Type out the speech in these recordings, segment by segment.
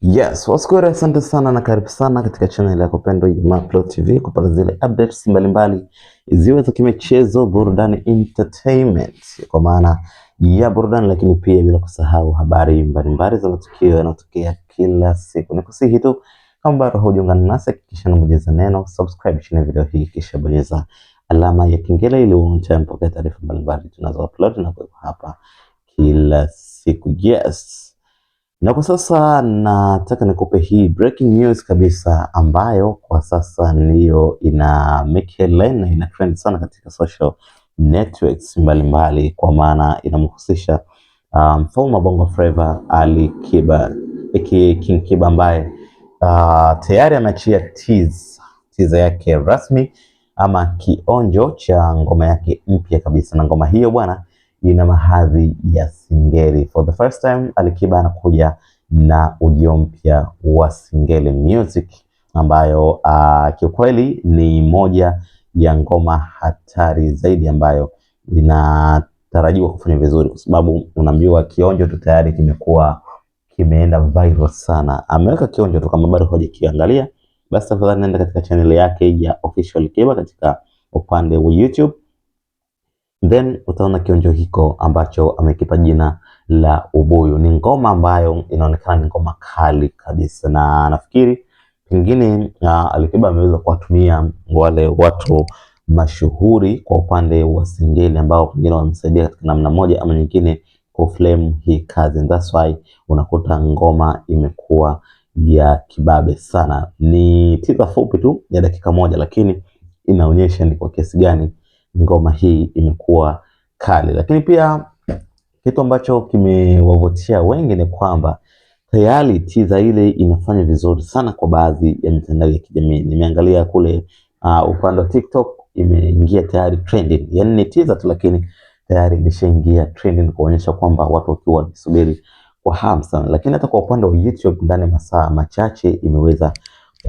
Yes, what's good? Asante sana na karibu sana katika channel yako pendwa ya Mapro TV kupata zile updates mbalimbali ziwe za kimichezo, burudani, entertainment kwa maana ya burudani, lakini pia bila kusahau habari mbalimbali za matukio yanayotokea kila siku. Nikusihi tu kama bado hujaungana nasi, hakikisha unabonyeza neno subscribe chini ya video hii, kisha bonyeza alama ya kengele ili uone taarifa mbalimbali tunazo upload na kuweka hapa kila siku. Yes. Na kwa sasa nataka nikupe hii breaking news kabisa, ambayo kwa sasa ndiyo ina make headline na ina trend sana katika social networks mbalimbali, kwa maana inamhusisha mfoma um, Bongo Flava Ali Kiba aka King Kiba ambaye uh, tayari ameachia tease tease yake rasmi ama kionjo cha ngoma yake mpya kabisa, na ngoma hiyo bwana ina mahadhi ya Singeli. For the first time Alikiba anakuja na ujio mpya wa Singeli music ambayo uh, kiukweli ni moja ya ngoma hatari zaidi ambayo inatarajiwa kufanya vizuri, kwa sababu unamjua kionjo tu tayari kimekuwa kimeenda viral sana. Ameweka kionjo tu, kama bado hujakiangalia basi tafadhali nenda katika channel yake ya Official Alikiba katika upande wa YouTube then utaona kionjo hiko ambacho amekipa jina la ubuyu. Ni ngoma ambayo inaonekana ni ngoma kali kabisa, na nafikiri pengine uh, Alikiba ameweza kuwatumia wale watu mashuhuri kwa upande wa singeli ambao pengine wamemsaidia katika namna moja ama nyingine kuflame hii kazi. That's why unakuta ngoma imekuwa ya kibabe sana. Ni tiza fupi tu ya dakika moja, lakini inaonyesha ni kwa kiasi gani ngoma hii imekuwa kali, lakini pia kitu ambacho kimewavutia wengi ni kwamba tayari tiza ile inafanya vizuri sana kwa baadhi ya mitandao ya kijamii. Nimeangalia kule uh, upande wa TikTok imeingia tayari trending, yani ni tiza tu, lakini tayari imeshaingia trending kuonyesha kwamba watu wakiwa wanasubiri kwa hamu sana. Lakini hata kwa upande wa YouTube ndani masaa machache imeweza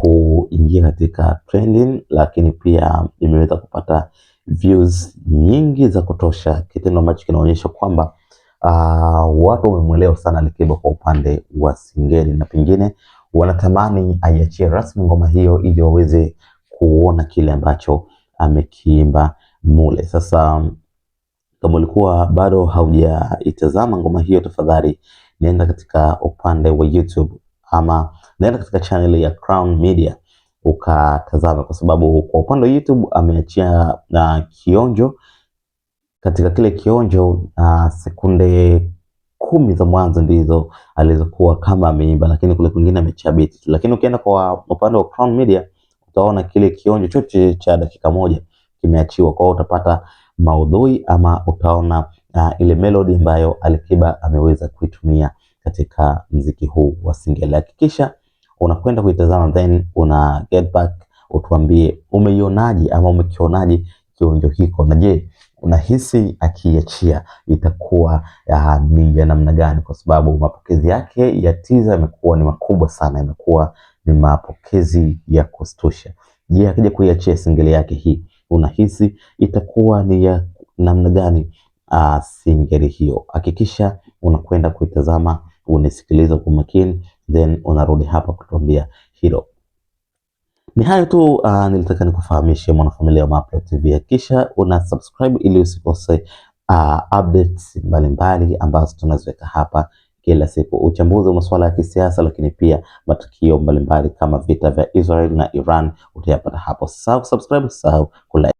kuingia katika trending, lakini pia imeweza kupata views nyingi za kutosha, kitendo ambacho kinaonyesha kwamba uh, watu wamemwelewa sana Alikiba kwa upande wa singeli na pengine wanatamani aiachie rasmi ngoma hiyo ili waweze kuona kile ambacho amekiimba mule. Sasa kama ulikuwa bado haujaitazama ngoma hiyo, tafadhali nenda katika upande wa YouTube ama nenda katika channel ya Crown Media ukatazama kwa sababu kwa upande wa YouTube ameachia uh, kionjo. Katika kile kionjo uh, sekunde kumi za mwanzo ndizo alizokuwa kama ameimba, lakini kule kwingine amechia biti. Lakini ukienda kwa upande wa Crown Media utaona kile kionjo chote cha dakika moja kimeachiwa kwao, utapata maudhui ama utaona uh, ile melody ambayo Alikiba ameweza kuitumia katika mziki huu wa Singeli. Hakikisha unakwenda kuitazama, then una get back utuambie umeionaje ama umekionaje kionjo hiko, na je unahisi akiachia itakuwa ya, ah, ni ya namna gani? Kwa sababu mapokezi yake ya tiza yamekuwa ni makubwa sana, yamekuwa ni mapokezi ya kustusha. Je, akija kuiachia singeli yake hii unahisi itakuwa ni ya namna gani? Uh, singeli hiyo hakikisha unakwenda kuitazama, unisikiliza kwa makini then unarudi hapa kutuambia hilo. Ni hayo tu, uh, nilitaka nikufahamishe mwanafamilia wa Mapya TV, hakisha una subscribe ili usikose uh, updates mbalimbali ambazo tunaziweka hapa kila siku, uchambuzi wa masuala ya kisiasa, lakini pia matukio mbalimbali kama vita vya Israel na Iran utayapata hapo. Sahau subscribe, sahau kulike.